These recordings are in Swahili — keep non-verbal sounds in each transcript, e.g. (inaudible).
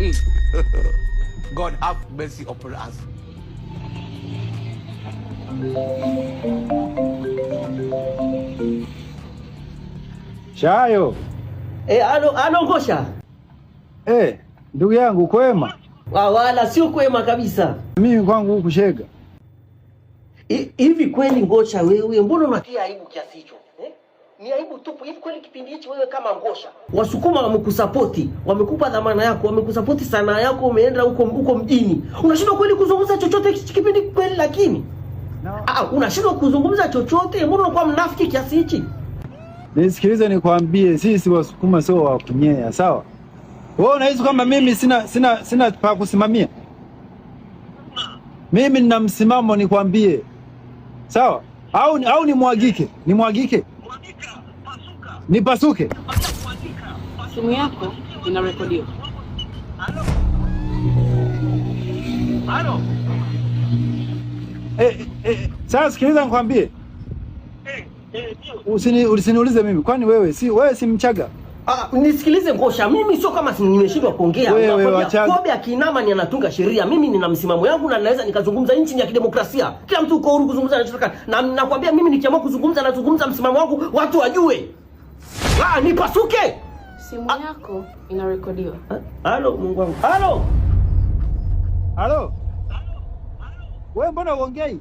eat. (laughs) God have mercy upon us. Shayo. E, eh, alo alo ngosha. Eh, ndugu yangu kwema? Wa, ah, wala sio kwema kabisa. Mimi kwangu huku shega. Hivi kweli ngosha wewe, mbona unatia aibu kiasi hicho? Eh? ni aibu tupu. Hivi kweli kipindi hichi wewe kama Ngosha, Wasukuma wamekusapoti, wamekupa dhamana yako, wamekusapoti sanaa yako, umeenda huko huko mjini, unashindwa kweli kuzungumza chochote kipindi kweli? Lakini no. Ah, unashindwa kuzungumza chochote, mbona unakuwa mnafiki kiasi hichi? Nisikilize nikwambie, sisi Wasukuma sio wa kunyea, sawa? Wewe unahisi kwamba mimi sina sina sina pa kusimamia? Mimi nina msimamo, nikwambie, sawa? Au au nimwagike, nimwagike nipasuke. Simu yako rekodi. Halo. Eh, eh, sasa sikiliza nikwambie. Eh, eh, usini usiniulize mimi. Kwani wewe si wewe si Mchaga? Ah, nisikilize ngosha. Mimi sio kama nimeshindwa kuongea. Kobe akiinama ni anatunga sheria. Mimi nina msimamo yangu na naweza nikazungumza. Nchi ya kidemokrasia, kila mtu uko huru kuzungumza anachotaka, na nakwambia mimi nikiamua kuzungumza, nazungumza msimamo wangu, watu wajue. Ah, nipasuke. Simu ah. yako inarekodiwa. Ah, halo, Mungu wangu. Halo. Halo. Wewe mbona uongei?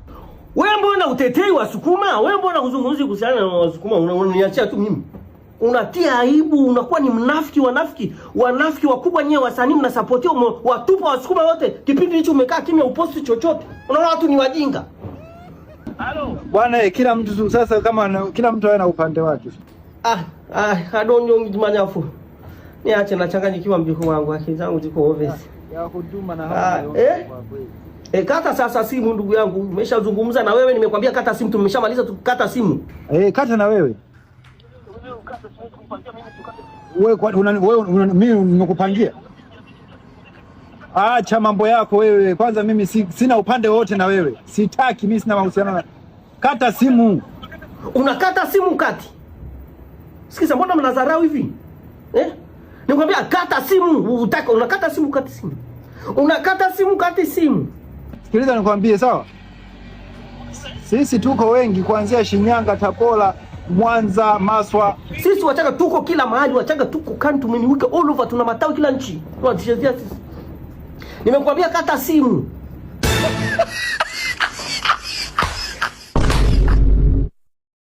Wewe mbona utetei Wasukuma? Wewe mbona huzungumzi kuhusiana na Wasukuma? Unaniachia tu mimi. Unatia aibu, unakuwa ni mnafiki, wanafiki, wanafiki wakubwa nyewe wasanii mnasapotia watupa Wasukuma wote. Kipindi hicho umekaa kimya uposti chochote. Unaona watu ni wajinga. Halo. Bwana, eh, kila mtu sasa kama kila mtu ana upande wake. Ah, ah, ache manyafu. Niache nachanganyikiwa mjuku wangu akili zangu ziko obvious. Ya huduma na ah, hapo. Eh? E, kata sasa simu ndugu yangu, umeshazungumza na wewe, nimekwambia kata simu, tumeshamaliza tukata simu. Eh, kata na wewe. Wewe kwa una wewe mimi nimekupangia. Acha mambo yako wewe. Kwanza mimi si, sina upande wote na wewe. Sitaki mimi sina mahusiano na. Kata simu. Unakata simu kati. Sikiza, mbona mnadharau hivi? Eh? Nikwambia kata simu, utaka unakata simu kati simu. Unakata simu kati simu. Sikiliza nikwambie sawa? Sisi tuko wengi kuanzia Shinyanga, Tabora, Mwanza, Maswa. Sisi Wachaga tuko kila mahali, Wachaga tuko kantu mimi all over, tuna matawi kila nchi. Tunachezea sisi. Nimekwambia kata simu.